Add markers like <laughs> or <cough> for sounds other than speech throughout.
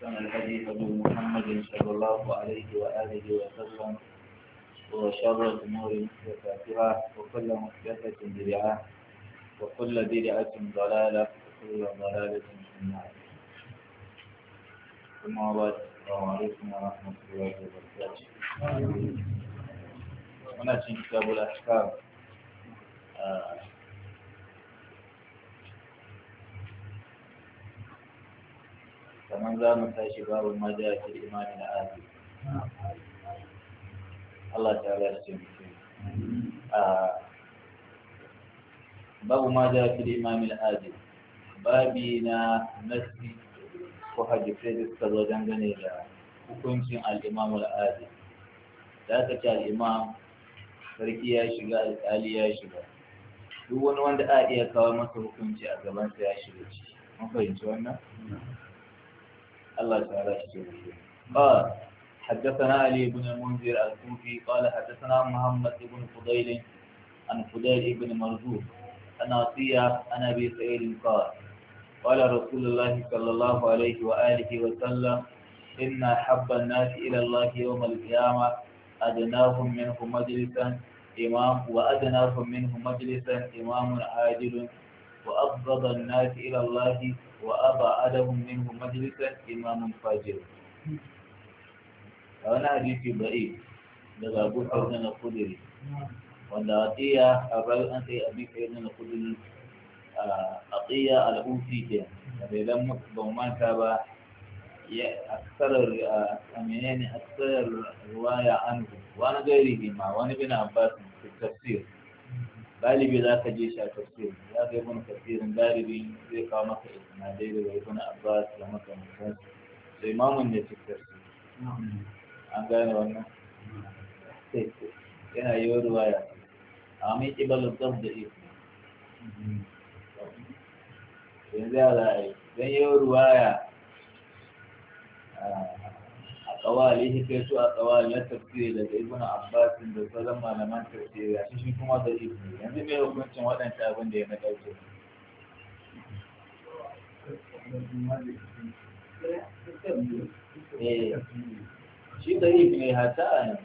كان الحديث هدي محمد صلى الله عليه وآله وسلم وشر الأمور محدثاتها وكل محدثة بدعة وكل بدعة ضلالة وكل ضلالة في النار ثم بعد السلام عليكم ورحمة الله وبركاته هنا كتاب الأحكام آه. kamar za mu tashi babu ma da fi imani na azu Allah ta ala shi babu ma da fi imani na azu babi na nasi ko hadisai da suka zo dangane da hukuncin al'imam al'adi da aka ce al'imam sarki ya shiga alƙali ya shiga duk wani wanda a iya kawo masa hukunci a gabansa ya shiga ciki mafahimci fahimci wannan الله تعالى يشكره قال حدثنا علي بن المنذر الكوفي قال حدثنا محمد بن فضيل عن فضيل بن مرزوق عن عطية عن أبي سعيد قال قال رسول الله صلى الله عليه وآله وسلم إن حب الناس إلى الله يوم القيامة أدناهم منه مجلسا إمام وأدناهم منه مجلسا إمام عادل وأفضل الناس إلى الله وأبعدهم منه مجلسا إمام فاجر وأنا أجيب بعيد daga Abu Hurairah na Kudiri wanda Atiya Abal an sai Abi Hurairah na Kudiri Atiya al-Uti ke da idan ba mu manta ba ya aksarar amene ne aksarar ruwaya an wani gairi ma wani bin Abbas tafsir galibi za ka je shi a tafsir za ka yi wani tafsirin galibi zai kawo maka isnadai daga ibn abbas da mutum da imamun ne cikin tafsir an gane wannan yana yi wa ruwaya amma ibalin zaf da isi yanzu ya za a yi don yi ruwaya ah, tsawali ya kai su a tsawali na tafsiri daga ibn abbas da sauran malaman tafsiri a cikin kuma da ibn yanzu mai hukuncin waɗanda abin da ya na ɗauke eh, shi da ibn ne hata ne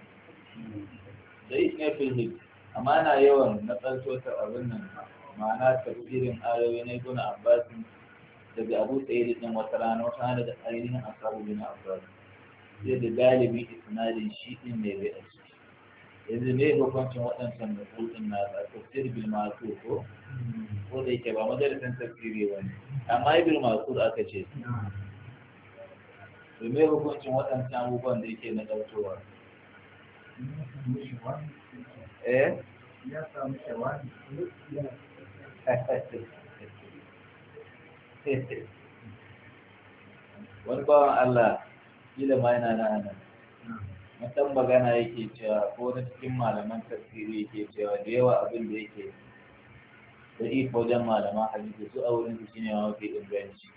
da ibn ne amma na yawan na tsartotar abin nan ma'ana tafsirin ayoyi na ibn abbas daga abu tsaye da wata rana wata rana da ainihin asabu bin abbas sai da galibi isnadin shi din ne bai aiki yanzu ne hukuncin waɗancan da kudin na da tafsir bil masu ko ko da yake ba madarisin tafsiri ba ne amma bil masu da aka ce to me hukuncin waɗancan abubuwan da yake na ɗaukowa eh ya samu shawari <laughs> wani bawan Allah kila ma yana na nan mutan magana yake cewa ko na cikin malaman tasiri yake cewa da yawa abin da yake da yi wajen malaman hadisi su a wurin su shine mafi inganci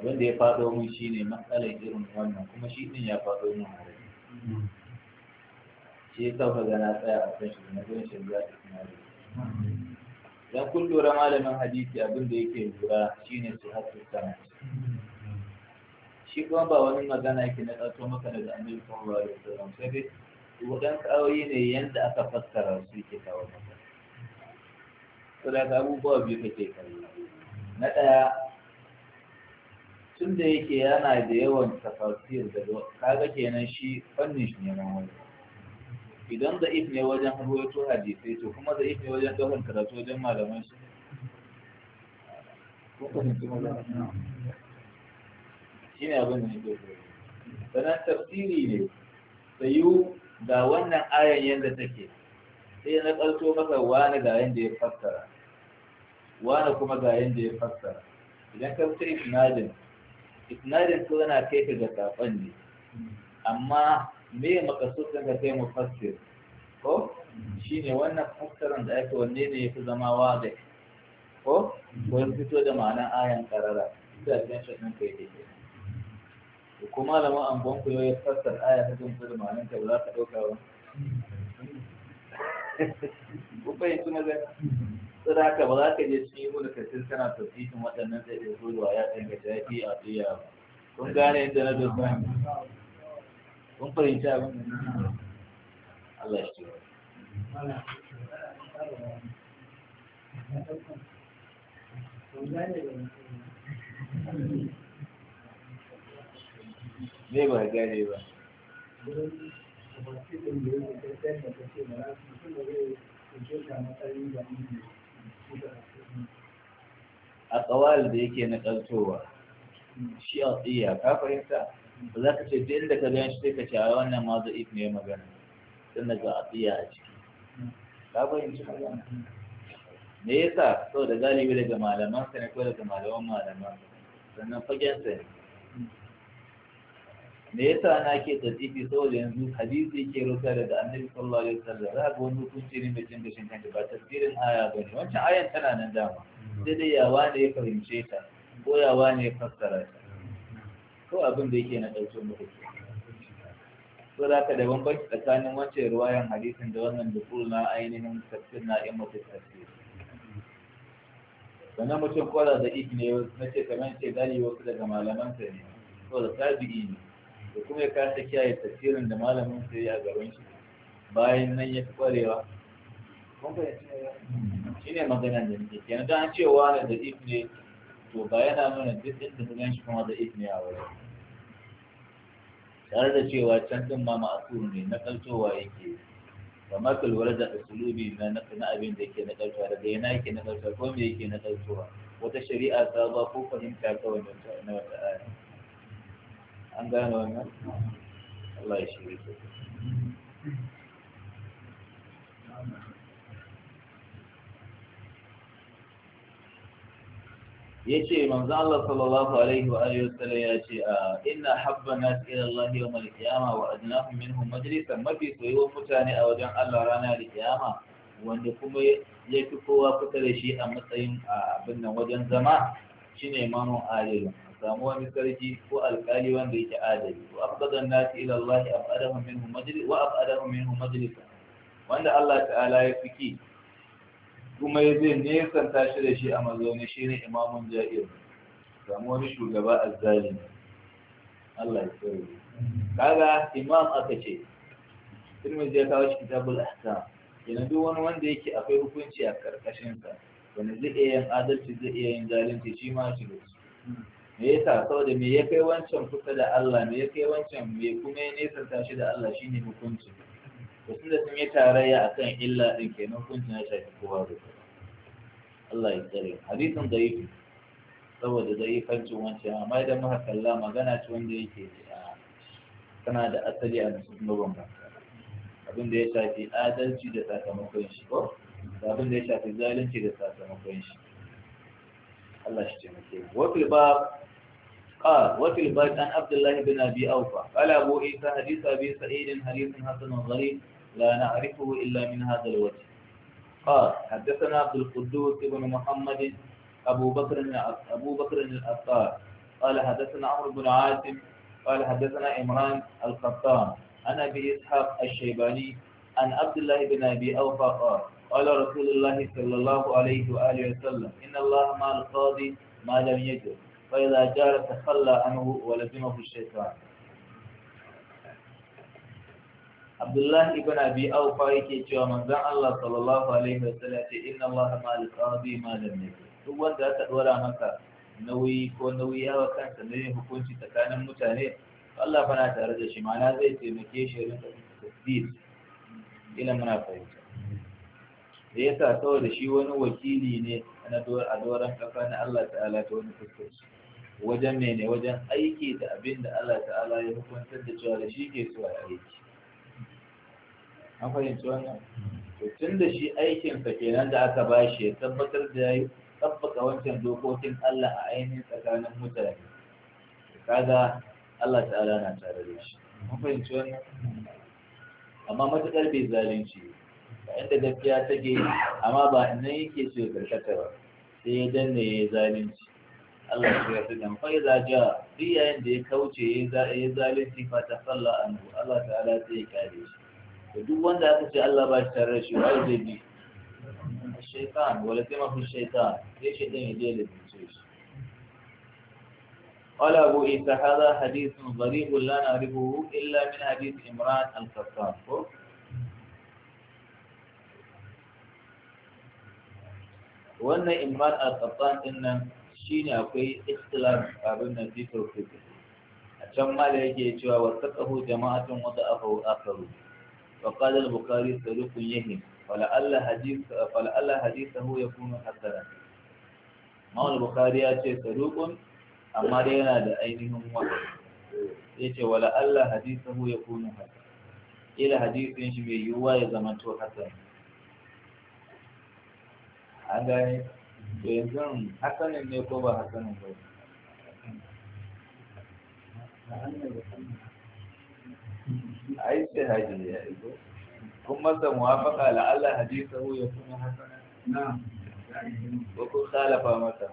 abin da ya faɗo mun shine matsalar irin wannan kuma shi din ya faɗo mun hari shi ya sauka gana tsaya a kan shi na gurin shirya da kuma da dan kun lura malamin hadisi abin da yake lura shine su hasu sanad shi kuma ba wani magana yake na ɗauko maka daga annabi sallallahu alaihi wasallam sai dai wadan ayoyi ne yanda aka fassara su yake kawo maka da ga abubuwa biyu kake kallo na ɗaya tun da yake yana da yawan tafasir da kaga kenan shi fannin shi ne nan wani idan da if ne wajen ruwaito hadisai to kuma da if ne wajen ɗaukar karatu wajen malaman shi shine abin da nake so sannan tafsiri ne sayu ga wannan ayan yadda take sai na ƙarto maka wani ga yadda ya fassara wani kuma ga yadda ya fassara idan ka fita isnadin isnadin to yana kai ka ga saƙon ne amma me makasudin ka kai mufassir ko shi ne wannan fassaran da aka wanne ne ya fi zama wazi ko ko fito da ma'anar ayan karara ita da ɗan shaɗin kai daidai ko malamin ambon ku yau ya fassar aya ta jin kudu ma'anin ta ba za ka ɗauka ba ku bai tuna zai tsada haka ba za ka je cikin yi mulka tun kana tafsirin waɗannan da ke zuwa ya ɗanga shafi a tsiya kun gane yadda na dosa kun fahimci abin da Allah shi Thank you. me ba gane ba a kawal da yake na kaltowa shi a tsiya ka fahimta ba za ka ce fiye da ka gan shi sai ka ce a wannan ma za'if ne magana da ga a tsiya a ciki ka fahimci magana me yasa da galibi daga malaman sa ne ko daga malaman malaman sannan fagen sa ne me yasa na ke tsatsifi saboda yanzu hadisi yake rusa daga annabi sallallahu alaihi wasallam za ga wani hukunci ne mai cin gashin kanta ba tafsirin aya ba ne wancan ayan tana nan dama sai dai yawa ne ya fahimce ta ko yawa ne ya fassara ta ko abin da yake na ɗauke muku so za ka da bambanci tsakanin wancan ruwayan hadisin da wannan dukul na ainihin tafsir na mafi tafsir sannan mutum kola da ik ne na ce kamar ce gani wasu daga malamansa ne ko da tabi'i ne da kuma ya kasa kiyaye tasirin da malamin sai ya gaban shi bayan nan ya fi kwarewa shi ne magana da nake kenan don cewa na da if ne to ba yana mana duk inda ka gan shi kuma da if ne a wajen tare da cewa can din ma ma'asur ne na kaltowa yake kamar ka lura da asulubi na na abin da yake na kaltowa daga yana yake na kaltowa ko me yake na kaltowa wata shari'a ta ba ko fahimta kawai na wata aya an gane wannan Allah ya shirye ku ya manzo Allah sallallahu alaihi wa alihi wasallam ya ce ah, inna habbana ila Allah yawm al-qiyama wa adnahum minhum majlisan mafi soyuwar mutane a wajen Allah ranar al-qiyama wanda kuma ya fi kowa kusa da shi a matsayin abin nan wajen zama shine mamun alilun samu wani sarki ko alkali wanda yake adali wa afqadan nasi ila Allah afqadahum minhu majlis wa afqadahum minhu majlis wanda Allah ta'ala ya fiki kuma ya zai nesan tashi da shi a mazauni shine ne imamun ja'ir samu wani shugaba azzalimi Allah ya tsare kaga imam aka ce Tirmidhi ya kawo shi kitabul ahkam kenan duk wani wanda yake akwai hukunci a karkashin sa wani zai iya yin adalci zai iya yin zalunci shi ma shi da su me ya sa saboda me ya kai wancan kusa da Allah me ya kai wancan me kuma ya nesanta shi da Allah shine hukuncin to tunda sun yi tarayya a kan illa din kenan hukuncin ya shafi kowa da kowa Allah ya tsare hadisin da yake saboda da ifancin wancan amma idan muka kalla magana ce wanda yake tana da asali a cikin mabambanta abin da ya shafi adalci da sakamakon shi ko da abin da ya shafi zalunci da sakamakon shi Allah shi taimake mu wa fil bab قال وفي البيت عن عبد الله بن أبي أوفى قال أبو عيسى حديث أبي سعيد حديث حسن غريب لا نعرفه إلا من هذا الوجه قال حدثنا عبد القدوس بن محمد أبو بكر أبو بكر الأطار قال حدثنا عمرو بن عاصم قال حدثنا إمران القطان عن أبي إسحاق الشيباني عن عبد الله بن أبي أوفى قال قال رسول الله صلى الله عليه وآله وسلم إن الله مع القاضي ما لم يجد فإذا جار تخلى عنه ولزمه الشيطان عبد الله بن أبي أوفى كي الله صلى الله عليه وسلم إن الله ما لقاضي ما لم يكن هو أنت أتدورا مكة نوي كون نوي أو كان سنوي حكومة تكان متاهي الله فنا تعرض شيء معنا ذي تمكية شيرين تكذيب إلى منافعه da ya sa saboda shi wani أن الله na adoran kafa na Allah ta'ala ta wani fuskar shi wajen mene wajen aiki da abin da Allah ta'ala ya hukuntar da cewa da shi ke so a aiki an fahimci wannan to tun da shi aikinsa kenan da aka ba shi ya tabbatar da ya tabbata tabbaka wancan dokokin Allah a ainihin tsakanin mutane kaga Allah ta'ala na tare da shi an fahimci wannan amma matuƙar bai zalunci ba inda gaskiya take amma ba nan yake so ya karkata ba sai ya danne ya yi zalunci Allah ya yarda da mu fa idza ja fi yayin da ya kauce ya zalunci fa ta salla anhu Allah ta'ala sai ya kare shi to duk wanda aka ce Allah ba shi tare shi wai zai bi shaytan wala sai mafi shaytan sai shaytan ya je da bincike shi قال أبو عيسى هذا حديث غريب لا نعرفه إلا من حديث إمران القطان وأن إمران القطان إنه ne akwai ikhtilaf abin da fi tawfiq a can da yake cewa wasaqahu jama'atun wa da'afahu akharu wa qala al-bukhari saduqun Wala allah hadisa hu ya kuma hasara مولى bukari ya ce rukun amma dai yana da ainihin wata. Ya ce wala Allah ya kuma hasara ila hadithin shi bai yiwuwa ya zama to hasara an gane to yanzu hasanin ne ko ba hasanin ba a yi shi hajji ya yi ko kun masa muwafaka la'alla hadisahu ya kuma hasanin ko kun khalafa masa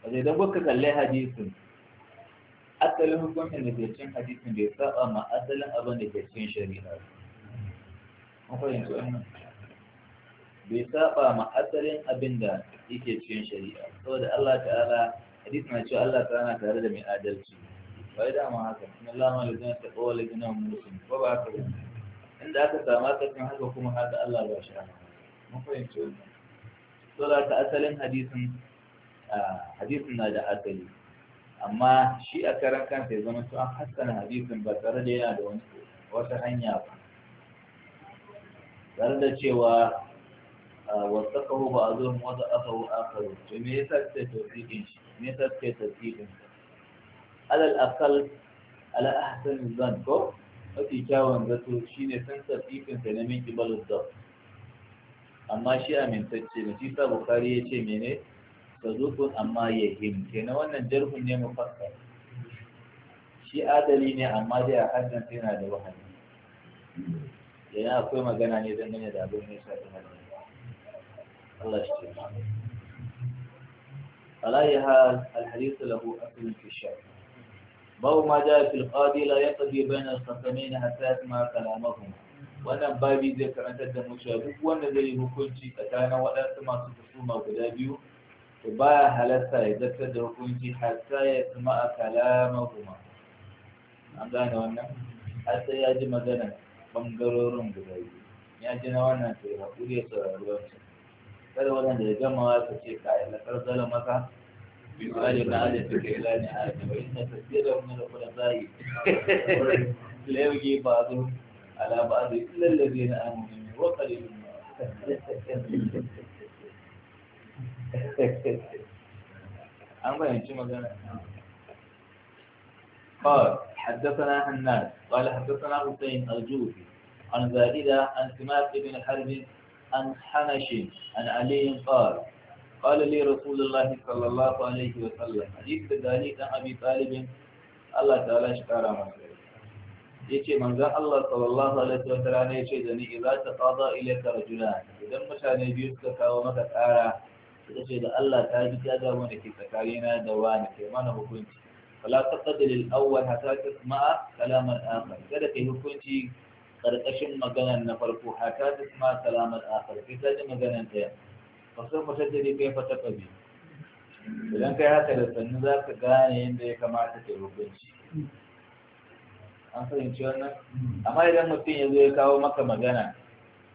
Wajen don baka kalle hadisin asalin hukuncin da ke cin hadisin bai saba ma asalin abin da ke cin shari'a bai saba ma asalin abin da yake cin shari'a saboda Allah ta'ala hadis na cewa Allah ta'ala tare da mai adalci bai da ma haka in Allah ma lazina ta qawa lazina muslim ko ba haka inda aka sama ka cin haka kuma haka Allah ba shi haka mun fahimci wannan saboda asalin hadisin ah, hadisin na da asali amma shi a karan kansa ya zama an hassana hadisin ba tare da yana da wani wata hanya ba tare da cewa wasu kawo ba a zuwa wata asahu akaru to me yasa suke tasirin shi me yasa suke tasirin shi alal akal ala ahsan zan ko mafi kyawun zato shine san tasirin sa na min kibalus da amma shi amintacce ne shi sa bukari ya ce mene تزوكون أما يهيم تنوانا جرف نيمو فكر شي آدليني أما دي أحدن تنا دي وحد لنا أكوما قنا نيزن من يدابون نيسا تنا الله اشتر على يهال الحديث له أكل في الشعر باو ما جاء في القاضي لا يقضي بين الخصمين حتى يسمع كلامهما وانا بابي ذكر انت مشابه وانا ذي مكنتي اتانا ولا سمعت تصوم او بلا بيو to baya halatta ya zartar da hukunci hatta ya kuma a kalama kalamahuma an gane wannan har sai ya ji magana bangarorin guda biyu ya ji na wannan to ya haƙuri ya saurari wancan kada wannan da ya gama wa wasa ce ka yi lakar zala maka bi tsari na ala ta kai lani a ta bai na tafiyar mu da kuma zai lauge ba zo ala ba zo lallabe na amini wa qalilun <laughs> يعني قال قال حدثنا الناس قال حدثنا حسين الجوفي عن زائدة عن سماك بن حرب عن حنش عن علي قال قال لي رسول الله صلى الله عليه وسلم حديث ذلك أبي طالب الله تعالى شكرا من ذلك من ذا الله صلى الله عليه وسلم إذا تقاضى إليك رجلان إذا مشى يجيسك فهو مكت آره suka ce da Allah ta ji ta damu da ke tsakanina da wani kai mana hukunci fala taqaddal al-awwal hatta tasma'a kalam al-akhar kada kai hukunci karkashin maganar na farko hatta tasma'a kalam al-akhar sai ta ji maganar ɗaya fa sai mu tajiri kai fa taqabi idan kai haka da sannu za ka gane yadda ya kamata kai hukunci an fahimci wannan amma idan mutum ya zo ya kawo maka magana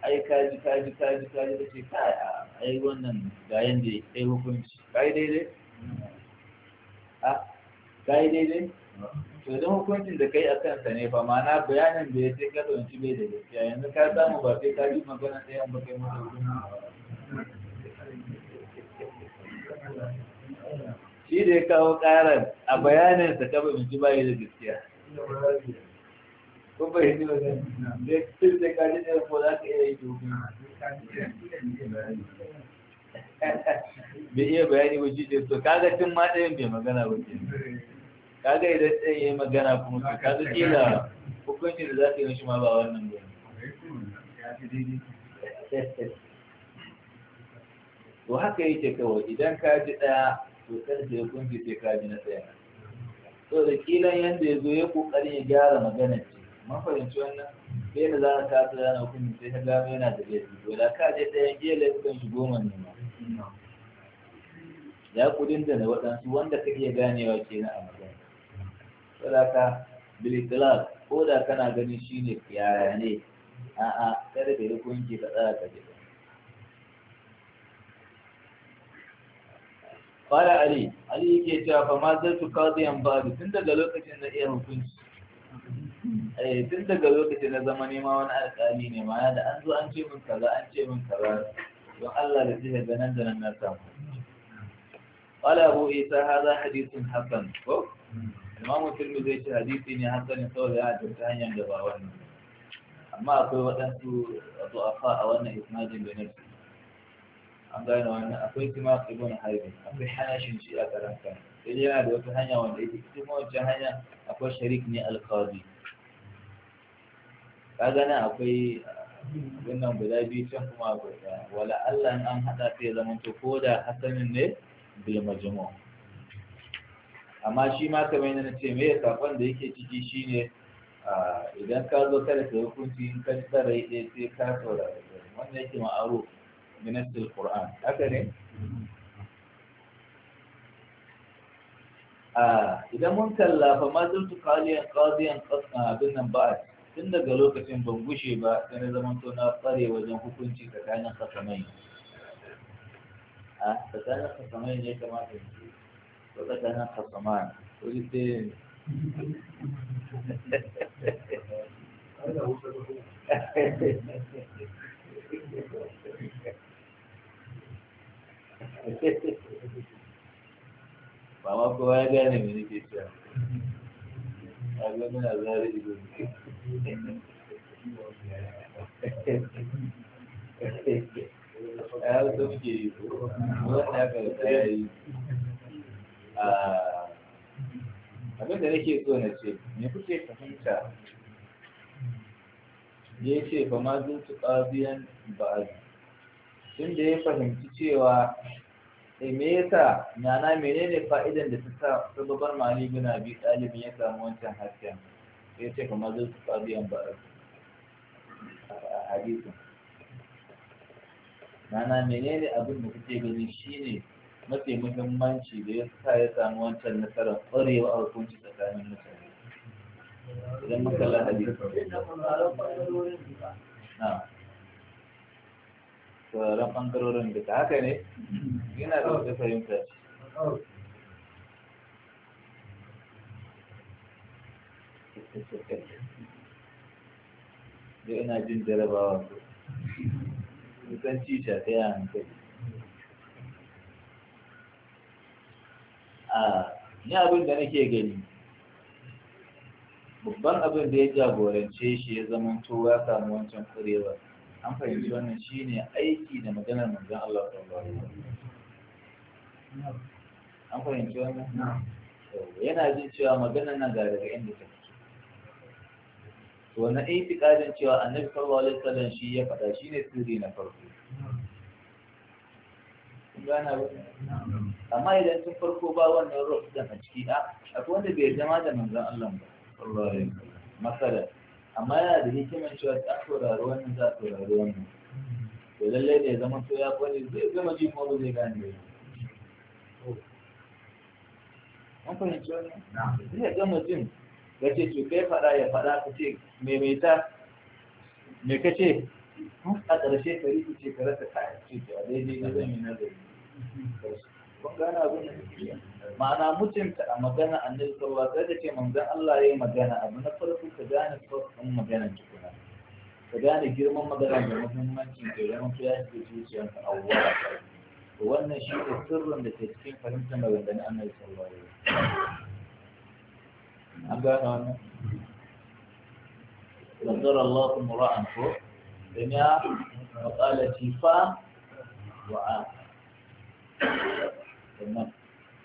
ai kaji kaji kaji kaji da ce kai a ai wannan ga yanda ya yi hukunci kai daidai a kai daidai to don hukuncin da kai a kansa ne fa ma'ana bayanin da ya ce ka tsanci bai da gaskiya yanzu ka samu ba sai ka ji magana ɗayan ba kai masa hukunci shi da ya kawo ƙarar a bayaninsa ka bai da gaskiya ko bai yi da ko za iya yi bai iya bayani ba jide to kaga tun ma ɗayan mai magana ba ke kaga idan ɗayan ya magana kuma to kaga kila hukunci da za su yi shi ma ba wannan ba to haka yake kawai idan ka ji ɗaya to kan da hukunci sai ka ji na ɗaya to da kilan yanda ya zo ya kokarin ya gyara magana mafahimci wannan sai na za ka kasa zana hukumi sai ta gano yana da laifi to da ka je ɗayan iya laifukan shi goma ne ma ya kudin da na waɗansu wanda ka iya ganewa ke na a magana saboda bilitilal ko da kana ganin shi ne yaya ne a'a kada ka yi hukunci ka tsara ka je Fara Ali, Ali yake cewa fa ma zai tu kazi an ba tun daga lokacin da iya hukunci tun daga lokacin na zama nema wani alƙali ne ma da an zo an ce min kaza an ce min kaza don Allah da zai ga nan da nan na samu wala abu isa hada hadisin hasan ko imam musulmi zai ce hadisi ne hasan saboda ya ta hanyar da ba wannan amma akwai waɗansu du'afa a wannan isnadin da nake an gane wannan akwai kuma ibn harbi akwai hanashin shi a karanta sai yana da wata hanya wanda ita kuma wancan hanya akwai sharik ne alqadi ka gani akwai wannan ah, guda biyu can kuma akwai ɗaya wala Allah in an haɗa sai zama to ko da hasanin ne bil majmu amma shi ma kamar yadda na ce me sakon da yake ciki shine ah, idan ka zo kada ka hukunci in ka tsara ɗaya sai ka saurara wannan yake ma'aruf min quran haka ne ah, idan mun kalla fa ma zuntu qaliyan qadiyan qasna bin nan ba'd tun daga lokacin ban gushe ba sai na zaman to na tsare wajen hukunci tsakanin kasamai a tsakanin kasamai ne kamata ne ko tsakanin kasamai ko ji sai <laughs> ba ma kowa ya gane mai nake cewa abin da nake so na ce me kuke fahimta ya ce ba ma zuci ƙabiyan ba'adu tun da ya fahimci cewa sai eh, me yasa nana menene fa'idan da ta sa sababar mali guna bi talibin ya samu wancan hasken ya ce kamar zai su ƙabiyan ba a hadisin nana menene abin da kuke gani shine mafi muhimmanci da ya sa ya samu wancan nasarar ƙwarewa a hukunci tsakanin mutane idan muka lahadi na sauran ɓangarorin duka haka ne yana da wata fahimta da ina jin jarabawa kusan cisha ta yi hankali a ni abin da nake gani babban abin da ya jagorance shi ya zama to ya samu wancan kurewa an fahimci wannan shine aiki da maganar manzan Allah sallallahu alaihi an fahimci wannan yana jin cewa maganar nan ga daga inda ta fito to wannan cewa annabi sallallahu alaihi wasallam shi ya faɗa shine sirri na farko gana amma idan tun farko ba wannan ruh a ciki a akwai wanda bai zama da manzan Allah ba sallallahu alaihi wasallam amma yana da hikimar cewa ta saurari wannan za a saurari wannan to lallai da ya zama to ya kone zai zama ji kuma ba zai gane ba an fahimci wannan zai gama jin ka ce to kai fada ya fada ka ce maimaita me ka ce a ƙarshe ka rikice ka rasa kayan ce daidai na zan yi nazari <laughs> kun gane abin da suke ma'ana mutunta a magana annabi sallallahu alaihi wasallam ce manzon Allah ya yi magana abu na farko ka gane farkon magana tukuna ka gane girman magana da muhimmancin da ya mutu ya shiga zuciyarka a wata wannan shi ne sirrin da ke cikin fahimtar da maganganun annabi sallallahu alaihi yi? an gane wannan نظر الله ko فوق دنيا وقال شفاء وعافى sannan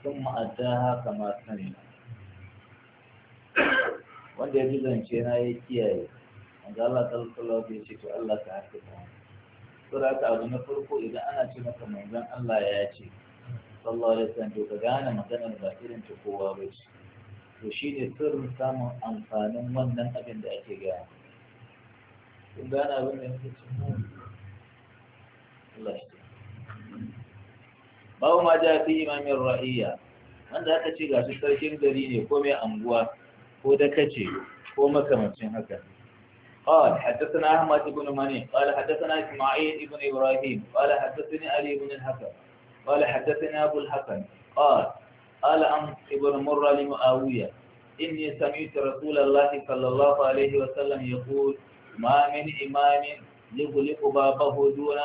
sun ma'addaha kama sani wanda ya ji zance na ya kiyaye wanda Allah da alaihi ce to Allah ka haka ta to da haka abu na farko idan ana ce maka manzon Allah ya ce sallallahu alaihi wasallam to ka gane maganar ba irin ta kowa ba ce to ne sirrin samun amfanin wannan abin da ake gaya kun gane abin da yake cikin Allah babu ma ja fi imamin ra'iya wanda aka ce ga su sarkin gari ne ko mai anguwa ko dakace ko makamancin haka قال حدثنا أحمد بن مني قال حدثنا إسماعيل بن إبراهيم قال حدثني علي بن الحسن قال حدثنا أبو الحسن قال قال أم ابن مرة لمؤاوية إني سمعت رسول الله صلى الله عليه وسلم يقول ما من إمام يغلق بابه دون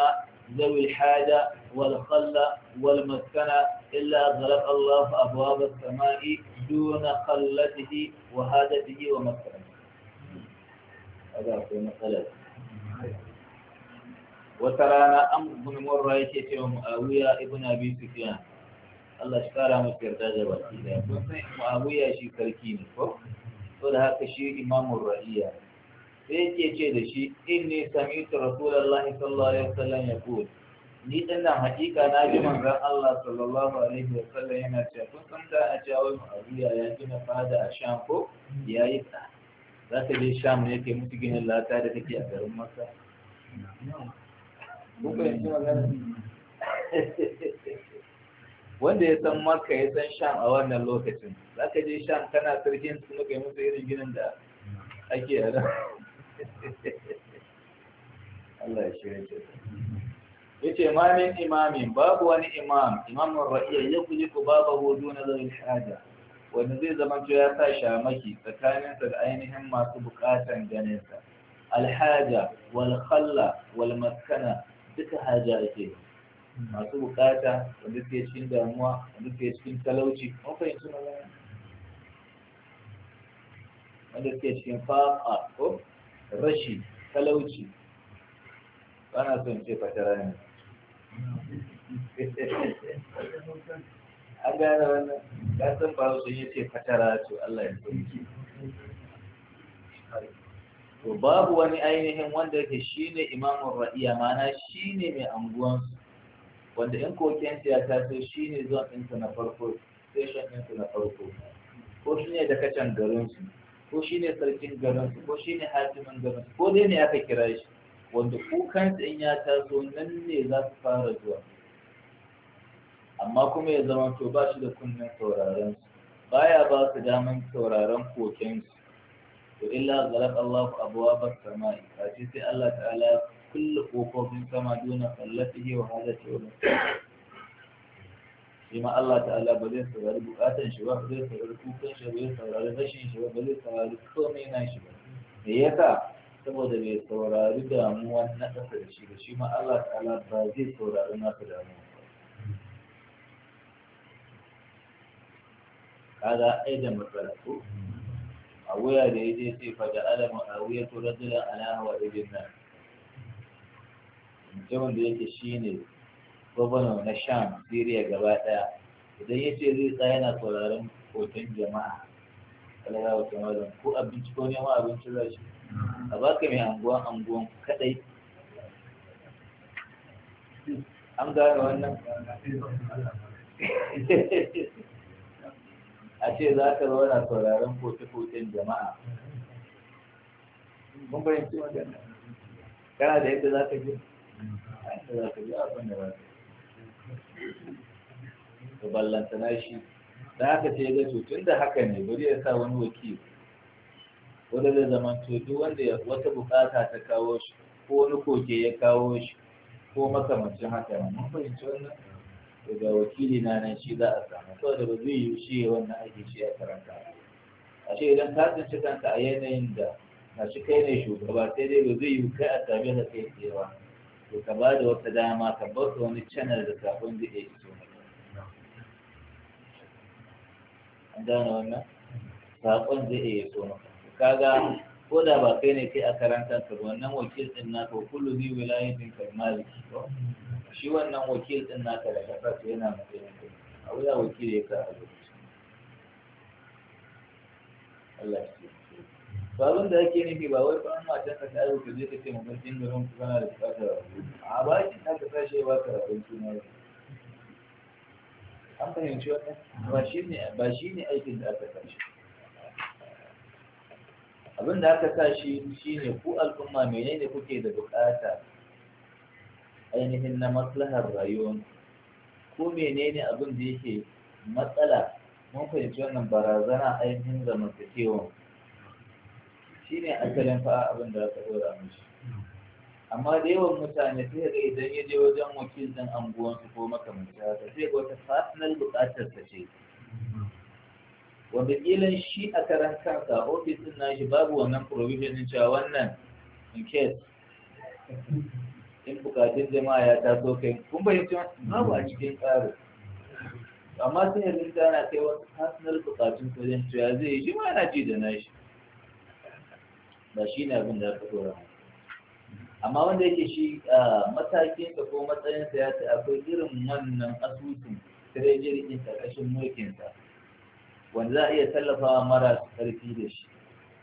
ذوي الحاجة والخل والمسكن إلا أغلق الله أبواب السماء دون خلته وهادته ومسكنه هذا في مسألة وترانا أمر بن مرة يشيء معاوية ابن أبي سفيان الله شكرا مكرتا جبالي كنت معاوية شي كالكيني فوق فلها كشي إمام الرئية فيك يشيء لشي إني سمعت رسول الله صلى الله عليه وسلم يقول ni din nan hakika na ji manzon Allah sallallahu alaihi wa sallam yana cewa kun san da a cewa wai Muawiya ya gina fada a Sham ko ya yi ta za ta je Sham ne yake mutu ginin lata da take a garin masa? wanda ya san Makka ya san Sham a wannan lokacin za ka je Sham kana sarkin su muka yi musu irin ginin da ake a <laughs> Allah ya shirya yace ma min imamin babu wani imam imamun ra'iya ya kuje ku babu hudu na zai haja wanda zai zama to ya sa shamaki tsakanin sa da ainihin masu bukatan ganin sa alhaja wal khalla wal maskana duka haja ake masu bukata wanda suke cikin damuwa wanda suke cikin talauci mun fahimci magana wanda suke cikin fa'a ko rashi talauci bana son ce fatara ne an gane wannan gasar ba su yi ce fatara to Allah ya sauke to babu wani ainihin wanda yake ne imamun ra'iya mana shi ne mai anguwansu wanda in koken ya taso ne zuwan ɗinsa na farko station ɗinsa na farko ko ne da kacan garinsu ko shi ne sarkin garinsu ko shi ne hajjimin garinsu ko dai ne aka kira shi wanda kukan in ya taso nan ne za su fara zuwa amma kuma ya zama to ba shi da kunnen sauraron su baya ba su daman sauraron koken su to illa zalat Allah abuwa ba sama'i kace sai Allah ta'ala kulle kofofin sama duna yi wa halatihi wa shi ma Allah ta'ala ba zai saurari bukatan shi ba ba zai saurari kukan shi ba zai saurari rashin shi ba ba zai saurari komai na shi ba me yasa saboda bai saurari damuwa na ƙasa da shi da shi ma Allah ta'ala ba zai saurari naka damuwa ba. kaga ai da matsala ko a wuya da ya je sai faɗa alama a wuya to rajula ala hawa ibn nan mutumin da yake shine gwamna na sham siriya gaba daya idan ya ce zai tsaya yana sauraron hoton jama'a kalaba wata da ko abinci ko neman abinci za shi a baka mai anguwan anguwan kadai an gane wannan a ce za ka zauna sauraron kote-koten jama'a mun fahimci magana kana da yadda za ka ji yadda za ka ji abin da ba ka ballanta na shi da haka ce ga tutun da haka ne bari ya sa wani wakil wani da zaman to duk wanda wata bukata ta kawo shi ko wani koke ya kawo shi ko makamancin haka mun fahimci wannan daga wakili na nan shi za a samu da ba zai yi shi wannan aiki shi a karanta ashe idan ka tsinci kanka a yanayin da na shi kai ne shugaba sai dai ba zai yi kai a same ka kai tsaye ba to ka ba da wata dama ka bar wani channel da sabon da ya ci an gane wannan saƙon zai iya so maka kaga ko da ba kai ne kai a karanta ka wannan wakil din naka kullu bi wilayatin kai maliki to shi wannan wakil din naka da kafa to yana matsayin kai a wuya wakil ya ka Allah ya ce babin da ake nufi ba wai ban a ka ta ka zai ka ce kan din garin ranku kana da bukatar a ba ki ta ka tashi ba ka rabon suna an fahimci wannan ba shi ne aikin da aka kashe. abin da aka sa shi ne ku al'umma menene kuke da bukata ainihin na maslahar rayuwar ko menene abin da yake matsala mun fahimci wannan barazana ainihin zamantakewa ne asalin fa'a abin da aka dora mishi amma da yawan mutane sai ga idan ya je wajen wakil din anguwansu ko makamanta haka sai ga wata fasinal bukatar ta ce wanda ƙilan shi a karan kansa ofisin na shi babu wannan provision cewa wannan in case in bukatun jama'a ya taso kai kun bayyanci babu a cikin tsarin amma sun yanzu na kai wasu hasinar bukatun kudin cewa zai yi shi ma yana ji da nashi ba shi ne abin da aka tsoron amma wanda yake shi matakin ko matsayinsa ya ce akwai irin wannan asusun treasury din karkashin mulkinsa wanda za a iya tallafa mara ƙarfi da shi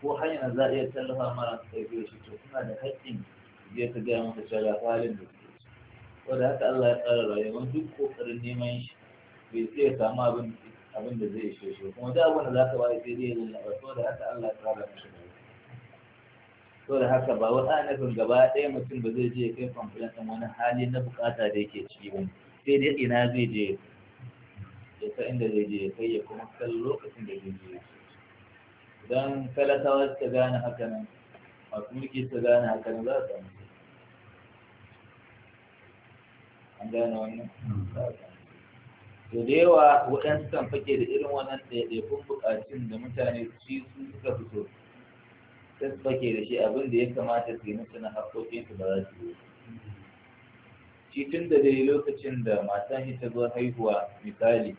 ko hanyar za a iya tallafa mara ƙarfi da shi to suna da haƙƙin zai ka gaya maka cewa halin da ko da haka Allah ya tsara rayuwar duk ƙoƙarin neman shi bai sai samu abin abin da zai ishe shi kuma da abin da za ka bayar sai dai ya lallaɓa da haka Allah ya tsara shi rayuwa da haka ba wani anafin gaba ɗaya mutum ba zai je ya kai kwamfilan wani hali na buƙata da yake ciki ba sai dai ina zai je ya san inda zai je ya kai ya kuma san lokacin da zai je ya ce idan talakawa suka gane haka nan masu mulki suka gane haka nan za su samu an gane wannan hmm. to da yawa waɗansu kan fake da irin wannan ɗaiɗaikun buƙatun da mutane shi su suka fi so sai su fake da shi abin da ya kamata su yi musu na haƙoƙinsu ba za su yi shi tun da dai lokacin da matan shi zuwa haihuwa misali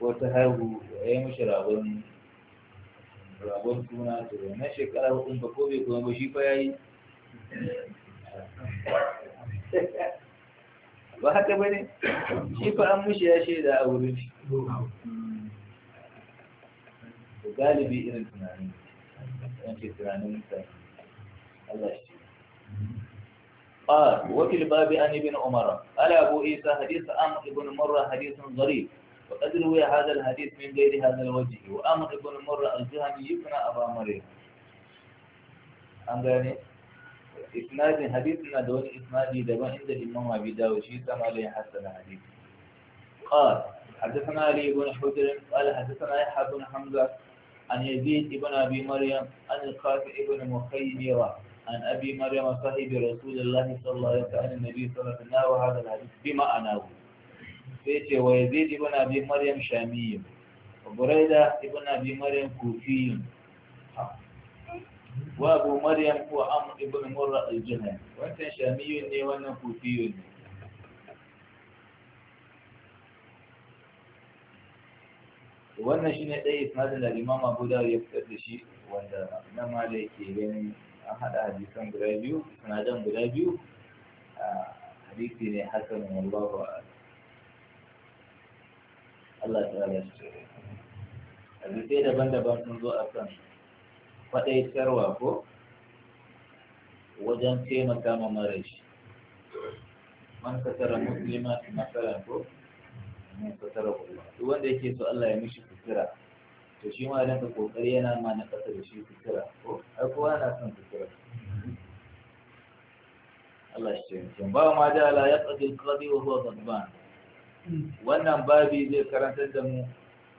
وتهاوو أي مش راغون راغون كونا تري ماشي كلا وقوم بكوبي كونا بشي فاي وهكا بني شي فا أمش يا شي دا أوروش وقال بي إرن تنانين أنت تنانين الله شي قال وفي الباب عن ابن عمر قال أبو إيسى حديث أم ابن مرة حديث ضريب وأدروا هذا الحديث من غير هذا الوجه وأمر بن مرة الجهمي يفنى أبا مريم أنغاني إسناد حديثنا دون إسناد دبا عند الإمام أبي داود شيء كما حسن الحديث قال حدثنا علي بن حجر قال حدثنا يحيى بن حمزة عن يزيد بن أبي مريم عن القاسم بن مخيمرة عن أبي مريم صاحب رسول الله صلى الله عليه وسلم النبي صلى الله عليه وسلم وهذا الحديث بما أناه sai ce wa yazid ibn abi maryam shamiyyun wa buraida ibn abi maryam kufiyyun wa abu maryam wa amr ibn murra al-juhani wannan shamiyyun ne wannan kufiyyun ne wannan shi ne ɗaya isnadin da limam abu da ya fitar da shi wanda na mala ke ganin an haɗa hadisan guda biyu sinadan guda biyu ah, hadisi ne hasan wallahu a'lam Allah ta ala shi hadisai daban-daban sun zo a kan faɗaitarwa ko wajen taimaka ma mara shi man satara muslima masala ko man satara kullum duk wanda yake so Allah ya mishi sutura to shi ma yana ka kokari yana ma na kasa da shi sutura ko ai kowa yana son sutura Allah shi ce ba ma da la yaqdi al-qadi wa huwa ghadban wannan babi zai karantar da mu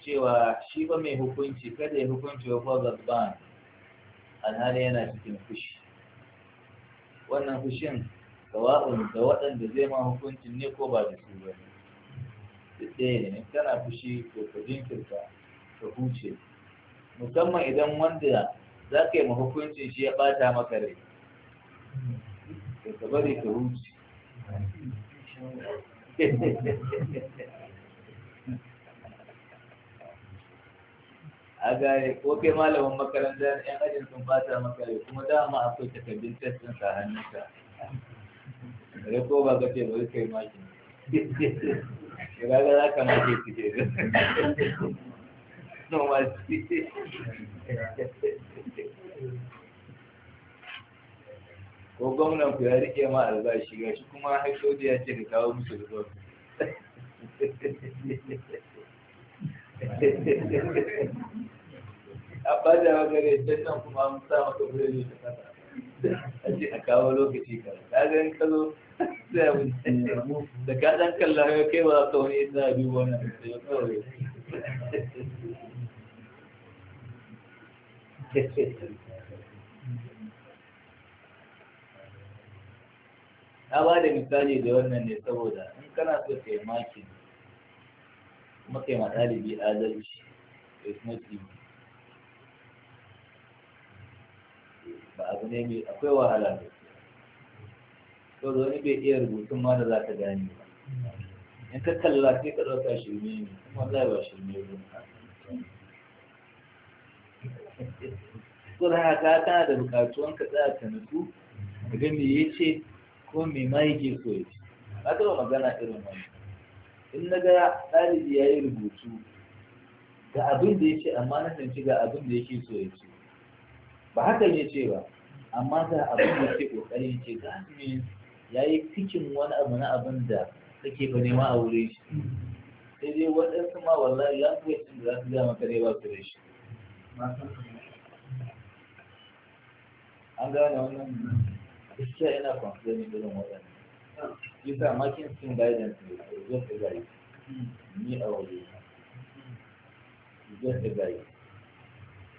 cewa shi ba mai hukunci kada ya hukunci wa ban alhali yana cikin fushi wannan fushin sawa'un da waɗanda zai ma hukuncin ne ko ba da su ba duk ɗaya ne kana fushi ko ka jinkirta ka huce musamman idan wanda za ka yi ma hukuncin shi ya ɓata maka rai ka bari ka huce a gane ko kai malamin makaranta yan ajin sun bata maka rai kuma ma akwai takardun testin sa hannunka bare ko ba ka ce bari kai makin kaga za ka mace su ke no ma ko gwamnan ku ya rike ma albashi ga shi kuma har soja ya ce da kawo musu rudon a bada yi can nan kuma an sa maka kudin da kasa a ce a kawo lokaci ka ka ga in kazo sai mu da ka dan kalla ya kai ba ka wani a biyu wannan sai ya kawo Thank <laughs> you. na ba da misali da wannan ne saboda in kana so ka yi makin kuma ka yi ma ɗalibi adalci da kuma tsimi ba abu ne mai akwai wahala da su ko da wani bai iya rubutun ma da za ka gane ba in ka kalla sai ka ɗauka shirme ne kuma za ba shirme ba ko da haka kana da bukatuwan ka tsaya ta nutsu ka ga me yace ko mai ma yake so ya ci na taɓa magana irin wani in na ga ɗalibi ya yi rubutu ga abin da ya ce amma na tanci ga abin da yake so ya ce ba haka ya ce ba amma ga abin da yake ƙoƙarin ce ga ne ya yi cikin wani abu na abin da kake ba nema a wurin shi sai dai waɗansu ma wallahi ya fi wacin da za su gama kare ba su da shi an gane wannan gaskiya ina kwamfani irin waɗanda shi sa makin sun guidance ne a yanzu ta gari ni a waje yanzu ta gari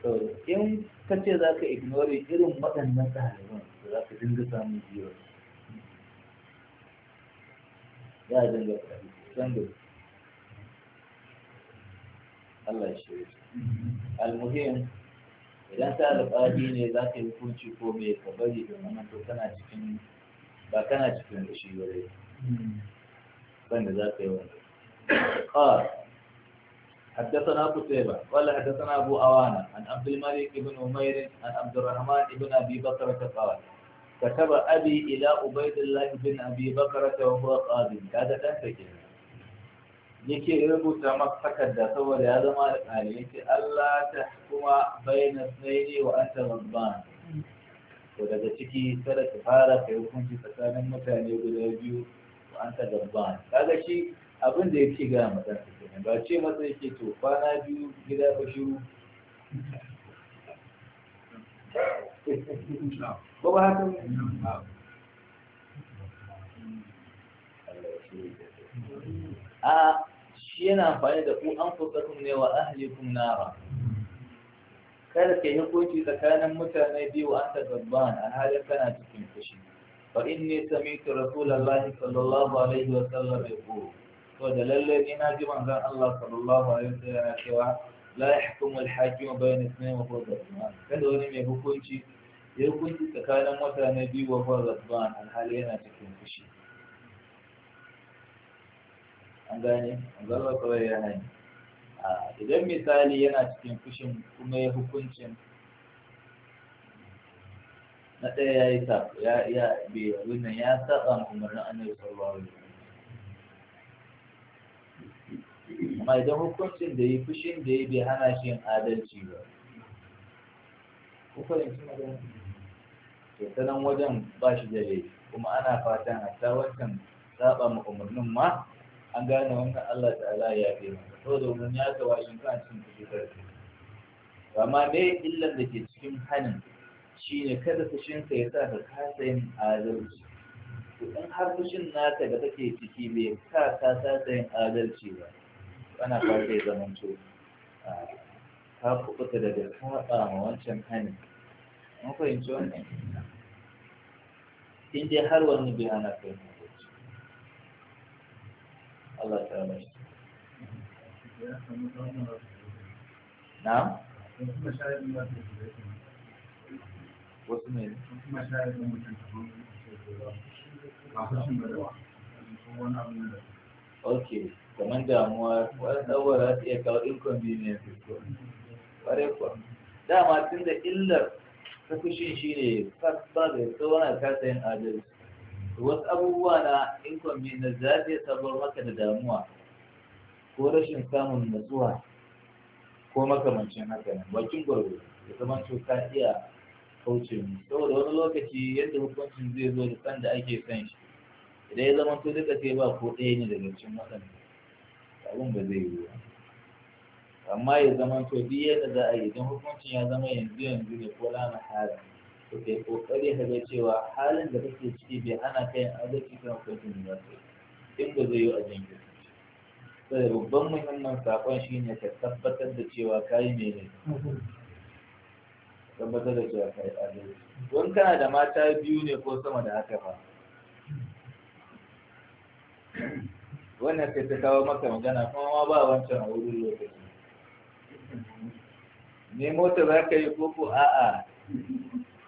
so in ka ce za ka ignore irin waɗannan ɗaliban da za ka dinga samun biyar dinga a dinga da Allah ya shi al-muhim idan ta alƙali ne za ka yi hukunci ko me ka bari da zama to kana cikin ba kana cikin da shi bare banda za ka yi wani قال حدثنا قتيبة قال حدثنا أبو أوانا عن عبد الملك بن عمير عن عبد الرحمن بن أبي بكرة قال كتب أبي إلى عبيد الله بن أبي بكرة وهو قادم هذا تنتهي yake rubuta maka da saboda ya zama da ɗalibai ce Allah ta kuma bayyana tsaye wa anta rabban to daga ciki kada ta fara ka hukunci tsakanin mutane guda biyu wa anta rabban kaga shi abin da yake ga mata kenan ba ce masa yake to kwana biyu gida ba shiru <laughs> ko ba haka a shi yana amfani da ku an fusakum ne wa ahlikum nara kada ke hukunci tsakanin mutane biyu an ta gaban alhalin kana cikin fushi fa inni sami'tu rasulullahi sallallahu alaihi wa sallam yaqulu to da lalle ne na ji manzon Allah sallallahu alaihi wa sallam yana cewa la yahkumu al-hakimu bayna ithnayn wa huwa ghadban kada wani mai hukunci ya hukunci tsakanin mutane biyu wa huwa ghadban alhali yana cikin fushi an gane zalla kawai ya hani idan misali yana cikin fushin kuma ya hukuncin na ɗaya ya yi sako ya ya bai wannan ya saba umarnin annabi sallallahu alaihi wasallam amma idan hukuncin da yi fushin da yi bai hana shi adalci ba Kuka yin magana to ta wajen ba shi da laifi kuma ana fatan ta wancan saba umarnin ma an gane wannan Allah ta'ala ya fi mu to domin ya ga washin kan cikin kusurkar amma me illan da ke cikin hanin shine kada fushin ka ya sa ka kasa yin adalci to in har fushin naka da kake ciki bai sa ka kasa yin adalci ba ana fata ya zama to ka kubuta daga saba ma wancan hanin mun fahimci wannan in dai har wani bai ana fahimta Allah ta mai na wasu ne ok kamar damuwa wani ɗauwa za su iya kawo inconvenience ko ƙware kuwa dama tun da illar ta kushin shi ne ba da tsawon a kasa yin adalci wasu abubuwa na na za ta sabar maka da damuwa ko rashin samun natsuwa ko makamancin haka nan bakin gwargwaro da zama to ka iya kauce mu saboda wani lokaci yadda hukuncin zai zo da san da ake san shi idan ya zama to duka sai ba ko ɗaya ne daga cikin waɗanda abin ba zai yi amma ya zama to duk yadda za a yi idan hukuncin ya zama yanzu yanzu ne ko lana harin to kai kokari ka cewa halin da kake ciki bai ana kai adalci kan kwatun da kai in zai yi a jinkiri sai babban muhimmin shi ne ka tabbatar da cewa kayi mai ne tabbatar da cewa kai adalci don kana da mata biyu ne ko sama da haka ba wannan sai ta kawo maka magana kuma ma ba wancan a wurin lokaci ne mota za ka yi ko koko a'a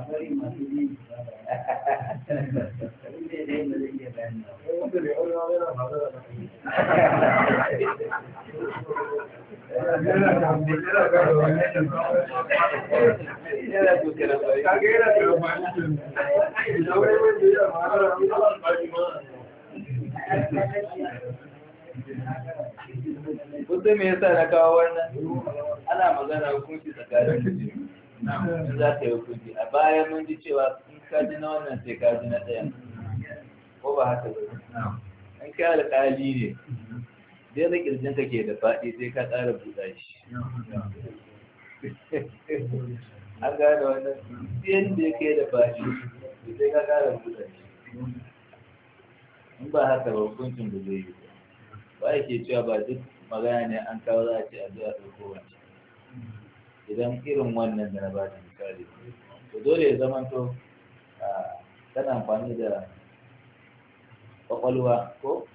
Kusa me yasa na kawo wannan? Ana magana hukunci tsakanin su za ka yi hukunci a baya mun ji cewa in ka ji na wannan sai ka ji na ɗaya. ko ba haka ba an kai alƙali ne dai na ƙirjin ka ke da faɗi sai ka ƙara buɗa shi an gane wannan biyan da ya kai da faɗi sai ka ƙara buɗa shi in ba haka ba hukuncin ba zai yi ba ba ke cewa ba duk magana ne an kawo za a ce a zuwa ɗauko wancan idan irin wannan da na ba da misali to dole ya zama to kana amfani da kwakwalwa ko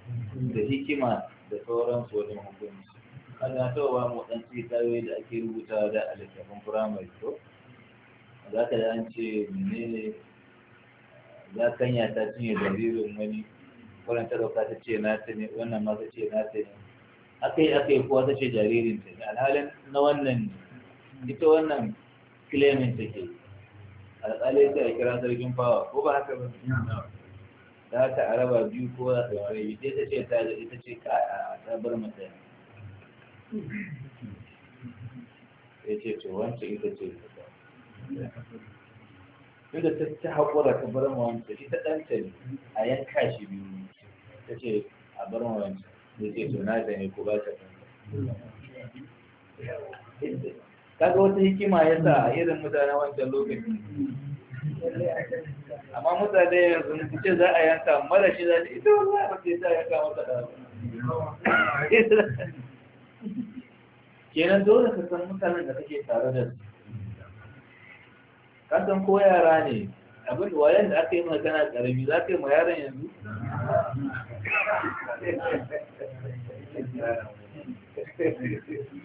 da hikima da sauran sauransu wajen hukunci ana tawa mu dan ci tayoyi da ake rubuta da a littafin firamare ko za ka da an ce ne za ka yi ta cinye jaririn wani wannan ta dauka ta ce na ta ne wannan ma ta ce na ta ne akai akai kuwa ta ce jaririn ta ne alhalin na wannan ne ita wannan claimant a alƙalai ta a kira sarkin fawa ko ba haka ba da ta araba biyu ko za ta fara ita ta ce ta ita ce ka a ta bar mata ya ce to wancan ita ce inda ta ta haƙura ta bar ma wancan ta ɗanta ne a yanka shi biyu ta ce a bar ma wancan ya ce to na ta ne ko ba ta ɗanta kaga wata hikima ya sa irin mutane wancan lokaci amma mutane yanzu su ce za a yanka mara shi za ta ita wanda ba ce za yanka masa da kenan dole ka san mutanen da kake tare da su ka san ko yara ne abin da wayan da aka yi magana karami za ka yi ma yaron yanzu Thank you.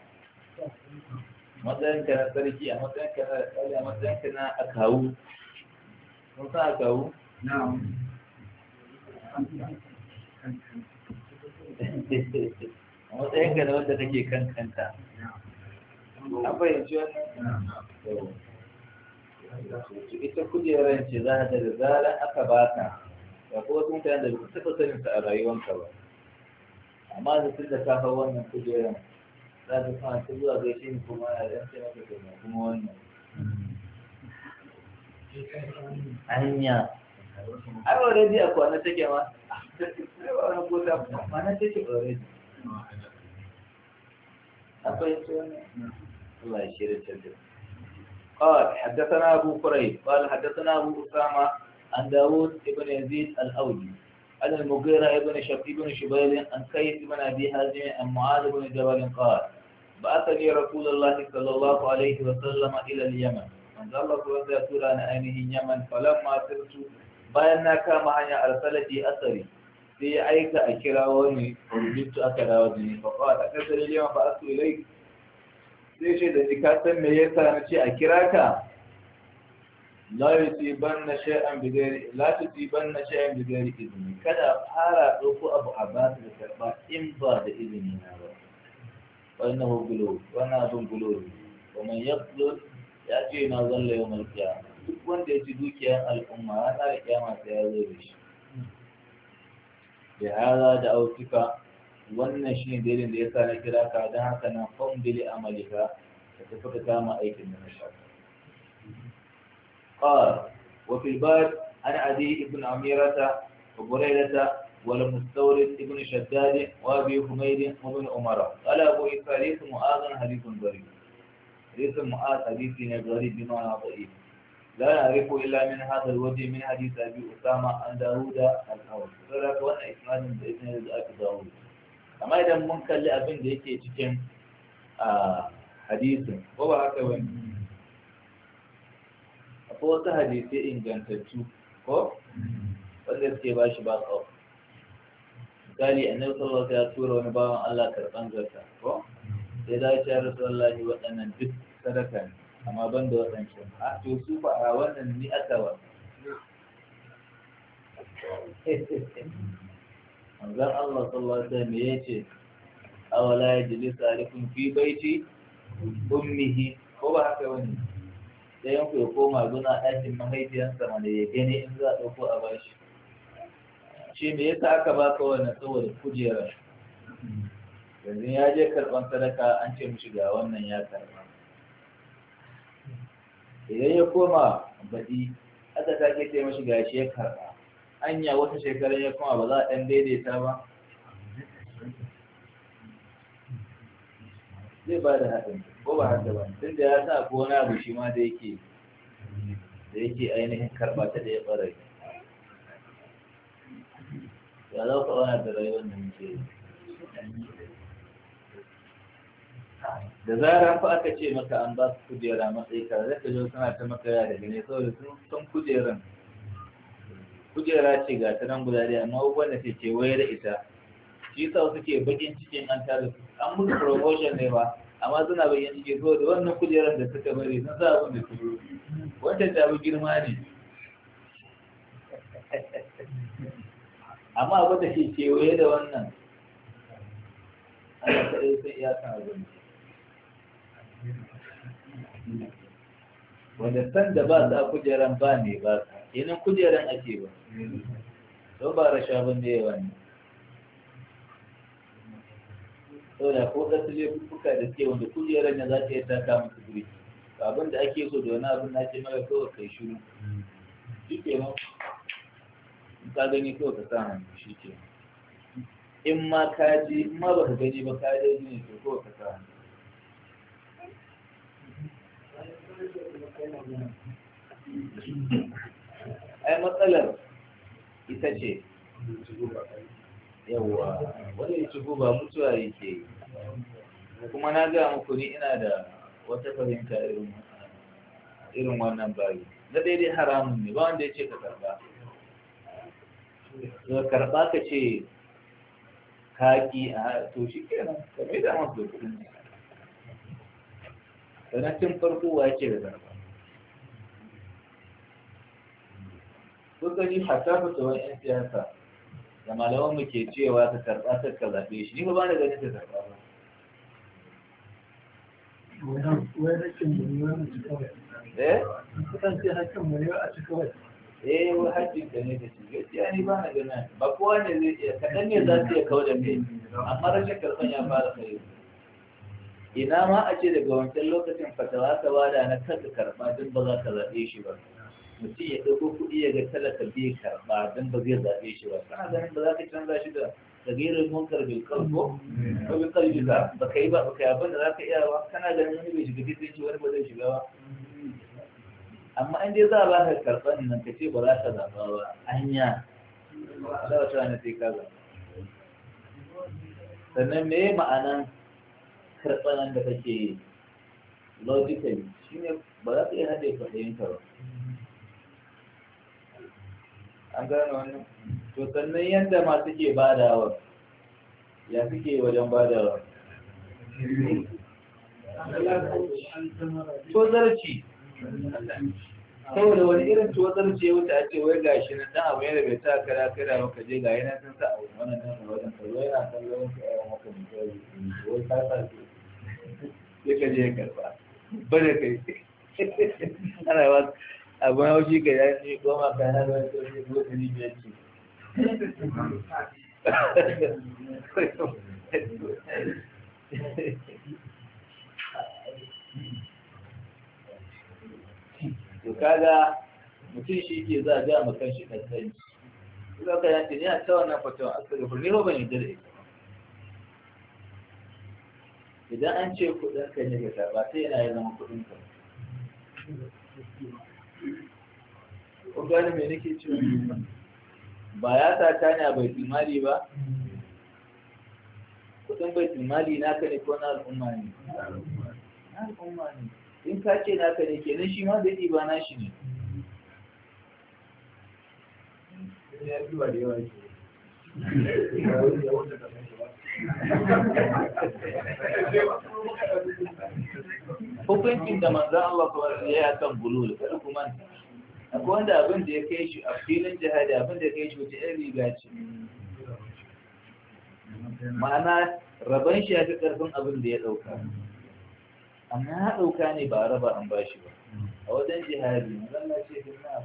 matsayinka na sarki a matsayinka na alƙali a matsayinka na akawu sun sa akawu a matsayinka na wanda take kankanta an fahimci wannan ita kujerar ce za ta da zarar aka baka da ko wasu mutane da ba taɓa sanin ta a rayuwanka ba amma da sun da ka wannan kujerar za su kuma ta zuwa gaishe ni kuma ya dan ce maka to kuma wannan hanya ai already a kwana take ma ai ba wani kota kwana take already akwai su wannan الله يشير الجدل قال حدثنا أبو كريب قال حدثنا أبو أسامة عن داود بن يزيد الأودي عن المغيرة بن شقيق بن شبيب عن كيس بن أبي هازم عن معاذ بن جبل قال بعثني رسول الله صلى الله عليه وسلم إلى اليمن manzo Allah kuma sai ya tura ni ainihin Yaman falamma sirtu bayan na kama hanya arsalati asari sai ya aika a kira wani rubutu aka dawo da ni faqa ta kasar yawa fa asu ilai sai ce da ka san me yasa na ce a kira ka la yusibanna shay'an bi ghairi la tusibanna shay'an bi ghairi izni kada fara dauko abu a ba da karba in ba da izini na ba فإنه قلوب وأنا أظن قلوب ومن يقلد يأتي ما ظل يوم القيامة duk wanda ya ci dukiyar al'umma ana da kyama ta ya zo da shi da da autuka wannan shi ne dalilin da ya sa na kira ka don haka nan fambili amalika da tafi ka kama aikin da na shafa قال وفي الباب عن عدي بن عميرة ta. ولمستورد ابن شداد وابي حميد وابن عمر قال ابو عيسى ليس معاذ حديث غريب ليس معاذ حديث غريب بما ضعيف لا نعرف الا من هذا الوجه من حديث ابي اسامه عن داوود الاول فذلك وانا اسناد باذن ابي داوود اما اذا من كل ابن ده يكي cikin حديث هو هكا وين wani akwai wasu hadisai ingantattu ko wanda suke ba shi ba tsawo misali a nan sallar ya tura wani bawan Allah karban zarta ko sai da ya rasulullahi waɗannan duk sadaka ne amma ban da waɗancan a to su ba a wannan ni aka wa <laughs> manzon Allah sallallahu alaihi ya ce awala yajlisu alikum fi baiti ummihi ko ba haka wani sai yanku ya koma zuna ɗakin mahaifiyarsa mana ya gani in za a ɗauko a bashi ce me yasa aka baka wannan saboda kujerar yanzu ya je karban sadaka an ce mishi ga wannan ya karba idan ya koma baɗi aka sake ce mishi ga shi ya karba anya wata shekarar ya koma ba za a ɗan daidaita ba zai ba da haɗin ko ba haɗa ba tun da ya sa ko na abu shi ma da yake da yake ainihin karɓa ta da ya ɓarai ya za ku auna da rayuwar da muke da zara fa aka ce maka an ba su kujera matsayi ka zai zo suna ta maka ya daga ne saboda sun kujeran kujera ce ga ta nan guda ɗaya amma abubuwan da ke kewaye da ita shi sa suke bakin cikin an tare an musu promotion ne ba amma suna cikin ciki saboda wannan kujerar da suka bari sun sa abin da su wata ta bi girma ne amma abin da ke kewaye da wannan ana kaɗai sai iya san abin wanda san da ba za kujeran ba ne ba sa kenan kujeran ake ba don ba rasha ban da yawa ne da ko je laifuka da ke wanda kujeran ne za ta yi taka musu guri abin da ake so da wani abin na ce maka kawai kai shiru shi kenan ka gani kawai ka samu hannu shi ke in ma ka ji ma ba ka gani ba ka ji ne to kawai ka sa hannu ai matsalar ita ce Yawwa, wani ya ci guba mutuwa yake ke. kuma na gaya muku ni ina da wata fahimta irin wannan bayi na daidai haramun ne ba wanda ya ce ka karba ka karɓa ka ce kaƙi a to shi kenan ka mai da masu kudin ne sanatin farko wa ce da zarba kun gani hatta tsawon 'yan siyasa da malaman ke cewa ka karɓa ta ka zaɓe shi ni ba ba da ganin ka karɓa ba wai haƙƙin mu ne wani eh kusan ce a ci eh wai hajjin da ne da shi gaskiya ni ba na ganin ba kowa ne zai iya kaɗan ne za su iya kawo da mai amma rashin karɓan ya fara kai ina ma a ce daga wancan lokacin fatawa ta bada na kanka karɓa don ba za ka zaɓe shi ba mutum ya ɗauko kuɗi ya ga talaka bai karɓa don ba zai zaɓe shi ba kana ganin ba za ka canza shi da da munkar bai karɓo ko bai karɓi ba ba ka yi ba ba ka yi abin da za ka iya ba kana ganin wani bai shiga gidan shi wani ba zai shiga ba amma an dai za a baka karɓar nan ka ce ba za ka zaɓa ba hanya za a cewa sai ka zaɓa sannan me ma'anan karɓar nan da kake yi logically shi ne ba za ka iya haɗe fahimta ba an gano wannan to sannan yadda ma suke badawa ya suke wajen badawa ko zarci saboda wani irin tuwatsar ce wuta a ce wai ga shi na dan abu yadda bai sa kara kara maka je ga yana san sa abu wannan dan abu wajen ka wai yana san lawan ka ayyuka maka ne wai ka sa su sai ka je karba bada kai ana ba abu na wuce ka yi goma ka yana da wani tsohon ko ɗari biyar ce Thank you. to kaga mutum shi ke za a ja ma shi kan sani su ka ya ce a ta wannan fatawa aka ga furni ba ne dare idan an ce kudin ka ne ga ba sai yana yin zama kudin ka ko gani me nake ce ba ya sa ta ne bai imani ba kudin bai imani na ne ko na al'umma ne na al'umma ne in ka ce naka ne kenan shi ma zai ba na shi ne hukuncin da manzo Allah kawai ya yi kan da kada kuma akwai wanda abin da ya kai shi a filin jihadi abin da ya kai shi wata yan riga ce ma'ana rabon shi ya fi ƙarfin abin da ya ɗauka amma ya ɗauka ne ba a raba an bashi ba a wajen jihadi zan ce fi na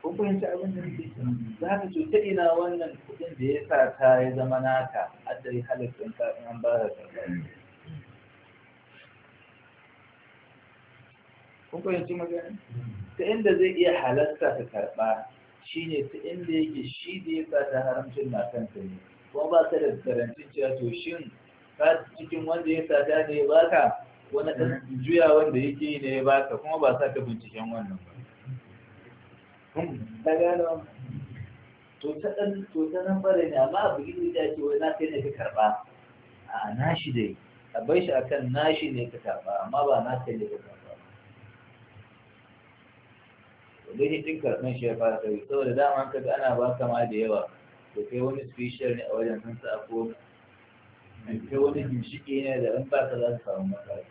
kun fahimci abin da nake za ka ce ta ina wannan kuɗin da ya sa ta ya zama naka adda ya halitta in kafin an ba ka kun fahimci magana ta inda zai iya halarta ta karɓa Shi ne ta inda yake shi da ya sa ta haramcin na kanta ne kuma ba ka da garantin cewa to shin ka cikin wanda ya sata ne ya baka wani ɗan juya wanda yake yi ne ya baka kuma ba sa ka binciken wannan ba. Ta hmm, gano to ta ɗan to ta nan bare ne amma abu gidi da ce wai na kai ne ka karɓa a nashi dai a bai shi akan nashi ne ka karɓa amma ba na kai ne ka karɓa. daidai tun karɓar shi ya fara sauri saboda dama ka ga ana baka ma da yawa da kai wani special ne a wajen sun sa ko kai wani ginshiƙi ne da in ba ka za su samu matsala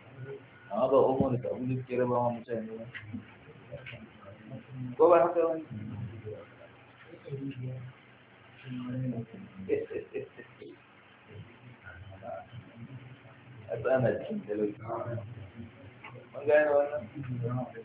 amma ba omo da sabu da suke raba ma mutane ba ko ba haka wani a tsanar cikin talauci. Mun gane wannan?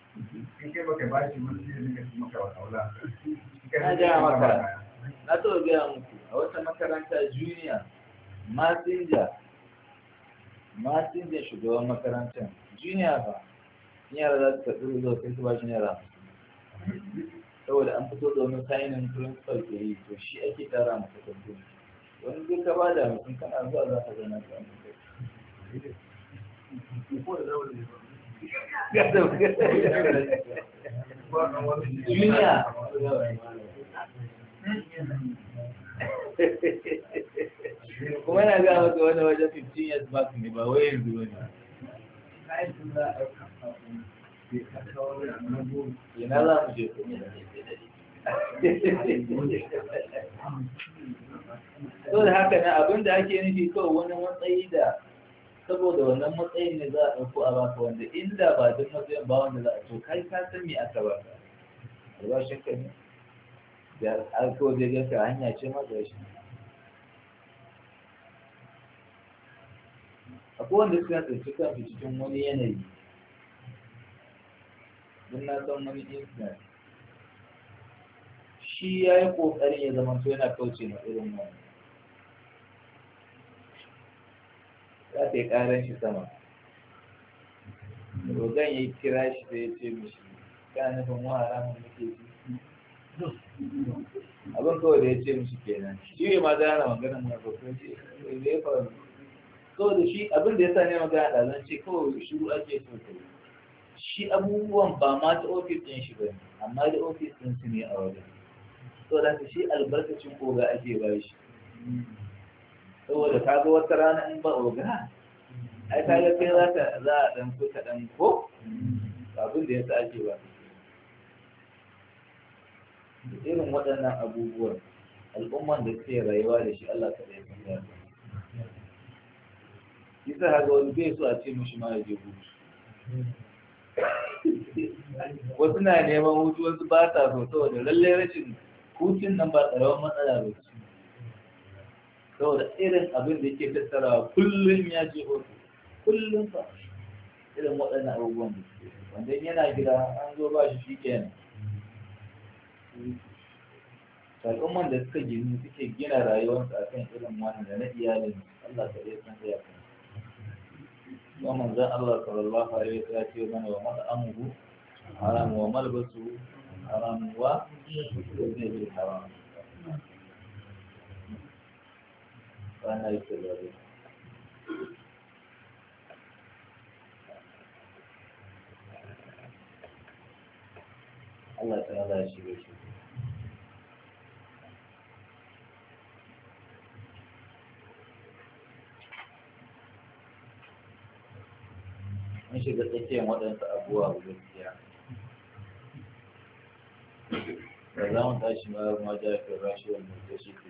in kai baka ba shi wani zai rinka ci maka wata wula na gaya maka na taɓa gaya muku a wata makaranta junior masinja shugaban makarantar junior ba yara za su karɓi zuwa kai su ba shi naira saboda an fito domin sainin principal ke yi to shi ake tara masa kwanto wani zai ka ba mutum kana zuwa za ka zana ka amince duniya kuma na ga maka wani wajen 15 years back ne ba wai yanzu ba ne. ina za ku je so da haka na abinda ake nufi kawai wani matsayi da saboda wannan matsayin ne za a ɗauko a baka wanda inda ba duk matsayin ba wanda za a to kai ka san me aka baka da ba shi ka ne da alkawar da gaska hanya ce ma da shi akwai wanda suka tsinci kansu cikin wani yanayi don na san wani incident shi ya yi ƙoƙarin ya zama yana kauce ma irin wannan za ta yi ƙaran shi sama rogon ya yi kira shi da ya ce mishi ka nufin wa haramun nake ji abin kawai da ya ce mishi kenan shi ne ma zana maganin mai bakwai ce da ya faru kawai da shi abin da ya sa ne magana da zan ce kawai shi ake so ta shi abubuwan ba ma ta ofis ɗin shi ba ne amma da ofis ɗin su ne a wajen so da shi albarkacin koga ake ba shi saboda ta ga wata rana in ba oga ai ta ga kai za ta za a dan so kaɗan ko abin da ya sa ake ba irin waɗannan abubuwan al'umman da suke rayuwa da shi Allah ta ɗaya san ya isa haka wani bai so a ce mishi ma yaje je hutu wasu na neman hutu wasu ba ta so saboda lallai rashin hutun nan ba tsarawan matsala ba ce saboda irin abin da yake tattara kullum ya je hoto kullum fa irin waɗannan abubuwan da suke wanda yana gida an zo ba shi shi kenan al'umman da suka gini suke gina rayuwarsu a kan irin wannan da na iyalin Allah ta iya san ya kan kuma zan Allah sallallahu alaihi wa sallam ya mana wa mat'amuhu haram wa malbasu haram wa zai haram ranar shekaru Allah ta ala shi da shi mun shiga tsakiyar waɗansu abubuwa gaskiya Ba za mu tashi ma ma jafi rashin mutu shi ke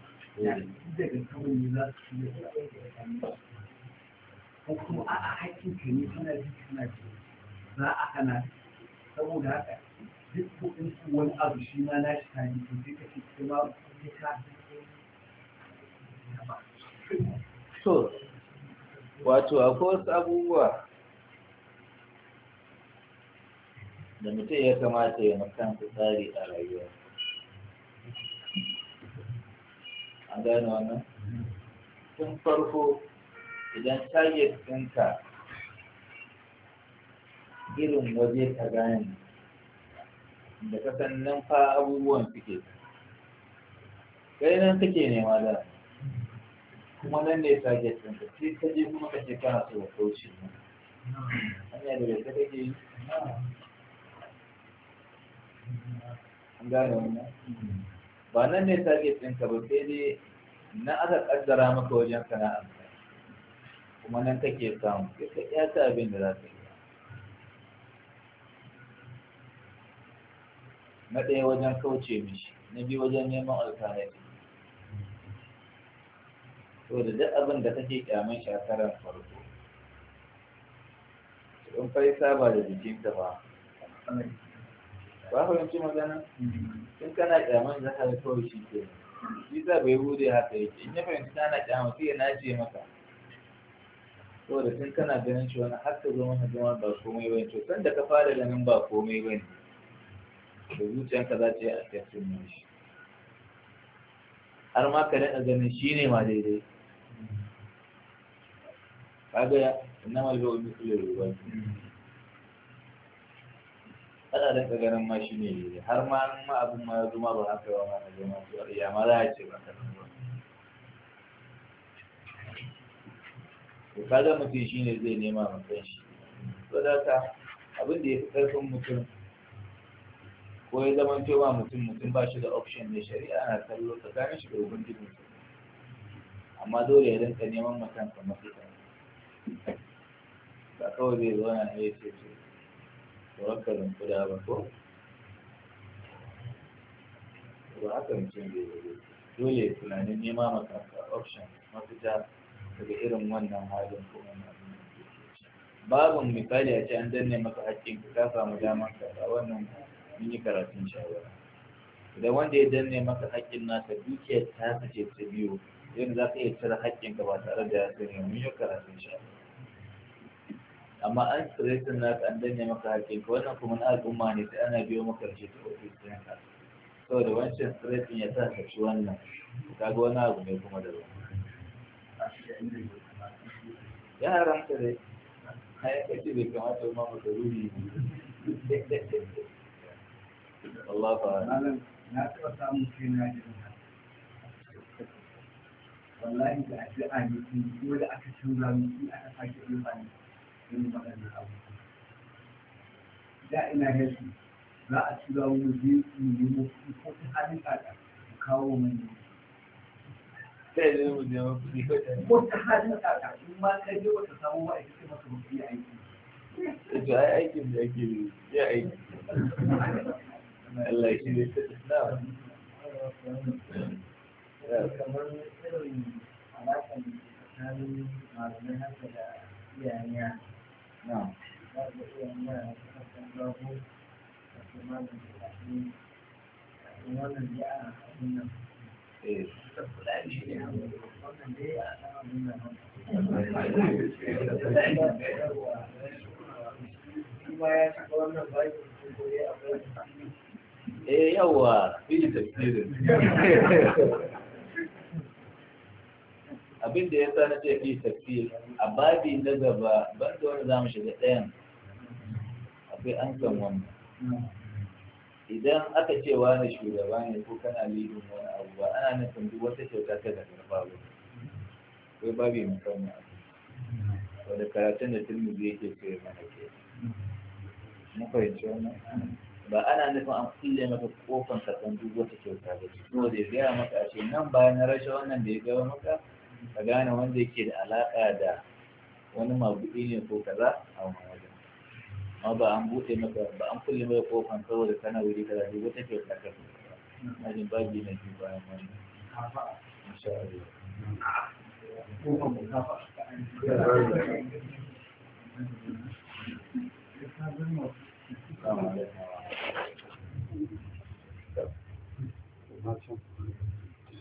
ko kuma a hakkin ka ne kana ji kana ji za a hana saboda haka duk kuɗin wani abu shi ma na shi ta ne to sai ka ce kuma ka So, wato akwai wasu abubuwa da mutum ya kamata ya makan tsari a rayuwa an gane wannan tun farko idan target ɗinka irin waje ka gane da ka san nan fa abubuwan suke kai nan kake nema da kuma nan ne target ɗinka sai ka je kuma ka ce kana so ka kauce hanya da gaske kake yi an gane wannan ba nan ne target ɗinka ba sai dai na aka ƙaddara maka wajen sana'ar kuma nan kake samu sai ka iya ta abin da za ka yi na ɗaya wajen kauce mishi na biyu wajen neman alfahari to da duk abin da kake kyaman shakarar farko in fai saba da jikinta ba ba fahimci magana in kana kyaman za ka kawai shi ke shi za bai hude haka yake in ya fahimci kana kyama sai ya nace maka da tun kana ganin shi wani har ka zo mana zama ba komai ba to san da ka fara ganin ba komai ba bane da zuciyanka za ta yi a tafsirin shi har ma ka daɗa ganin shi ne ma daidai kaga ya innamal ba'u mithlu al-rubai ana da ganin ma shi ne har ma ma abin ma zuma ba haka yawa ma na zama su ya ma za a ce ba ka ba to kaga mutum shi ne zai nema ma kan shi to da ka abin da ya fi karfin mutum ko ya zama ba mutum mutum ba shi da option ne shari'a na kallo tsakanin shi da ubangijin amma dole ya rinka neman mutum kamar ita ba kawai zai zo na ne ya ce wakilin kuda ba ko ba haka mutum zai yi dole tunanin nema maka option mafita daga irin wannan halin ko wannan abin da ke babin misali a ce an danne maka hakkin ka ka samu damar ka ba wannan mun yi karatun shawara idan wanda ya danne maka haƙƙin naka dukiyar ta ce ta biyu yanzu za ka iya cire hakkin ka ba tare da ya sani mun yi karatun shawara اما ان سريت انك ان دنيا مكاكي كون اكو من اك اماني انا بيوم كرجي في الدنيا تو دو وانش سريت ان يتاك شوانا كاغو انا اكو ميكو مدر يا رام سريت هاي اتي بيكو ما تو ماما تروني الله فعلا الله فعلا الله فعلا الله فعلا الله فعلا الله فعلا الله فعلا الله فعلا الله فعلا الله فعلا الله فعلا yin waɗannan abubuwa da ina yasu za a tura wani biyu mu nemo kuɗi ko halin kaka mu kawo manya ko ta halin kaka in ma ka je wata samu ba a cikin masa mafi aiki yi aiki Allah kamar haka da iyayen eh, eh yawa fi tafsirin <laughs> abin da ya sa na ce fi tafsir a babi na gaba ban da wani zamu shiga ɗayan akwai an san wannan idan aka ce wani shugaba ne ko kana lidin wani abu ba ana nufin duk wata kyauta ta da karfa ba akwai babi musamman wanda karatun da turmi yake kai ya mana ke mun fahimci wannan ba ana nufin an kulle maka kofan ka san duk wata kyauta ba ne kuma da ya gaya maka a ce nan bayan na rashin wannan da ya gaya maka ka gane wanda yake da alaƙa da wani mabuɗi ne ko kaza a wani wajen amma ba an buɗe maka ba an kulle maka kofan saboda kana wuri kaza duk wata ke ka kafa ajin babi na biyu bayan wani insha